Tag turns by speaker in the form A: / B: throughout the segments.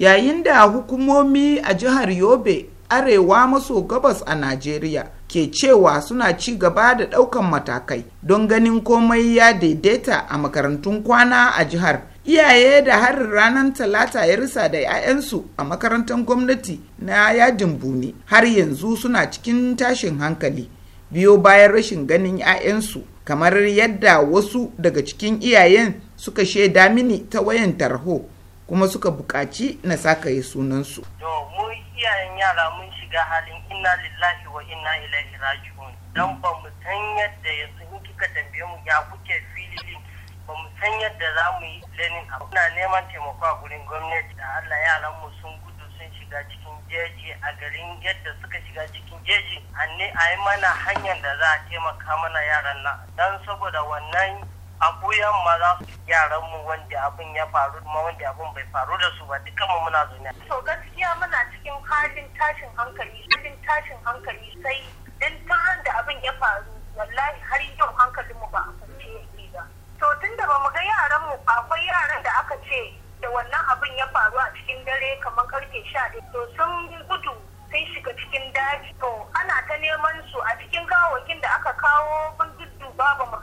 A: yayin da hukumomi a jihar yobe arewa maso gabas a najeriya ke cewa suna ci gaba da ɗaukan matakai don ganin komai ya daidaita a makarantun kwana a jihar iyaye da har ranar talata ya risa da 'ya'yansu a makarantar gwamnati na yajin buni har yanzu suna cikin tashin hankali biyo bayan rashin ganin 'ya'yansu kamar yadda wasu daga cikin iyayen suka shaida mini ta wayan tarho kuma suka bukaci na sakaye sunansu. To mu iyayen yara mun shiga halin inna lillahi
B: wa inna ilaihi raji'un dan ba mu san yadda yanzu in kika tambaye mu ya kuke filili ba mu san yadda za mu yi lenin abu. Muna neman taimako a gurin gwamnati da Allah yaran mu sun gudu sun shiga cikin jeji a garin yadda suka shiga cikin jeji a yi mana hanyar da za a taimaka mana yaran nan dan saboda wannan a buyan ma za su yaran mu wanda abin ya faru ma wanda abin bai faru da su ba dukkan mu muna zaune. to
C: gaskiya muna cikin halin tashin hankali halin tashin hankali sai din tun da abin ya faru wallahi har yau hankalin mu ba a kwance yake ba to tun da bamu ga yaran mu akwai yaran da aka ce da wannan abin ya faru a cikin dare kamar karfe sha to sun gudu sun shiga cikin daji to ana ta neman su a cikin gawakin da aka kawo mun dudduba babu mu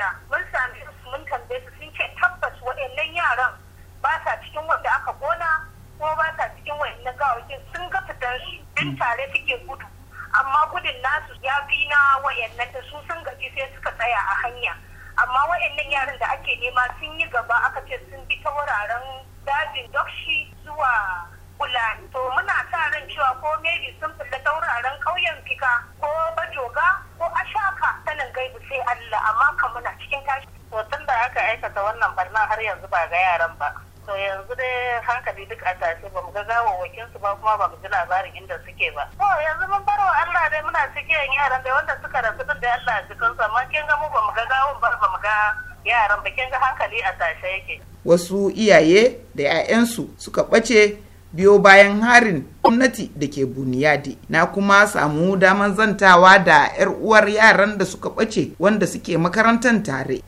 C: wanda mun sami su mun tambaye su sun ce tabbas waɗannan yaran ba sa cikin wanda aka gona ko ba sa cikin waɗannan gawaki sun ga fitan su din tare suke gudu amma gudun nasu ya fi na waɗannan da su sun gaji sai suka tsaya a hanya amma waɗannan yaran da ake nema sun yi gaba aka ce sun bi ta wuraren dajin dokshi zuwa gaibu sai Allah amma ka muna cikin tashi to tun da aka aikata wannan barna har yanzu ba ga yaran ba to yanzu dai hankali duk a tashi ba mu ga gawawwakin su ba kuma ba mu ji labarin inda suke ba to yanzu mun bar wa Allah dai muna cikin yaran dai wanda suka rasu din da Allah ya cikin su amma kin ga mu ba mu ga gawon ba ba mu ga yaran ba kin ga hankali a tashi yake
A: wasu iyaye da 'ya'yansu suka ɓace biyo bayan harin gwamnati da ke buniyadi na kuma samu damar zantawa da 'yar uwar yaran da suka ɓace wanda suke makarantar tare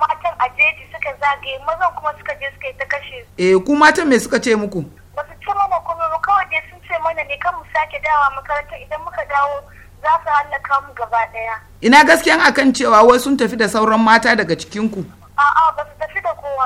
C: matan a jeji suka zagaye mazan kuma suka je suka yi ta kashe su.
A: Eh, ku matan me suka ce muku?
C: Ba su ce mana kawai dai sun ce mana ne kan mu sake dawa makaranta idan muka dawo za su hallaka mu gaba daya.
A: Ina gaskiyan akan cewa wai sun tafi da sauran mata daga cikin ku.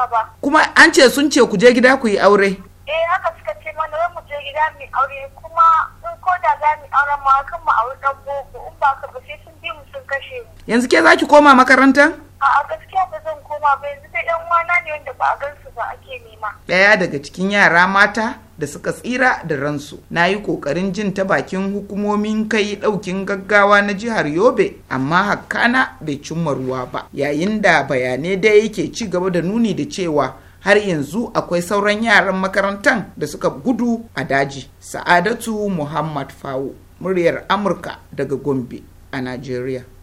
A: ba kuma an ce sun ce ku je gida ku yi aure
C: eh haka suka ce mana wai mu je gida mu aure kuma in ko da za mu auren ma kan mu aure dan
A: boko in ba ka ba sai sun bi mu sun kashe mu yanzu ke za ki koma makaranta a'a gaskiya ba zan koma ba yanzu
C: dai yan wana ne wanda ba a gansu ba ake nema
A: daya daga cikin yara mata da suka tsira da ransu na yi kokarin jin ta bakin hukumomin kai daukin gaggawa na jihar yobe amma hakana bai cimma ruwa ba yayin da bayanai da yake ci gaba da nuni da cewa har yanzu akwai sauran yaran makarantar da suka gudu a daji sa'adatu muhammad fawo muryar amurka daga gombe a najeriya